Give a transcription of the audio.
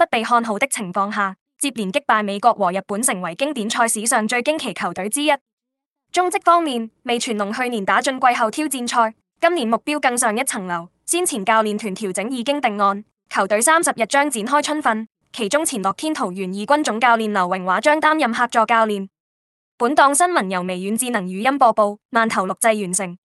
不被看好的情況下，接連擊敗美國和日本，成為經典賽史上最驚奇球隊之一。中職方面，味全龍去年打進季後挑戰賽，今年目標更上一層樓。先前教練團調整已經定案，球隊三十日將展開春訓，其中前樂天桃猿二軍總教練劉榮華將擔任客座教練。本檔新聞由微軟智能語音播報，慢頭錄製完成。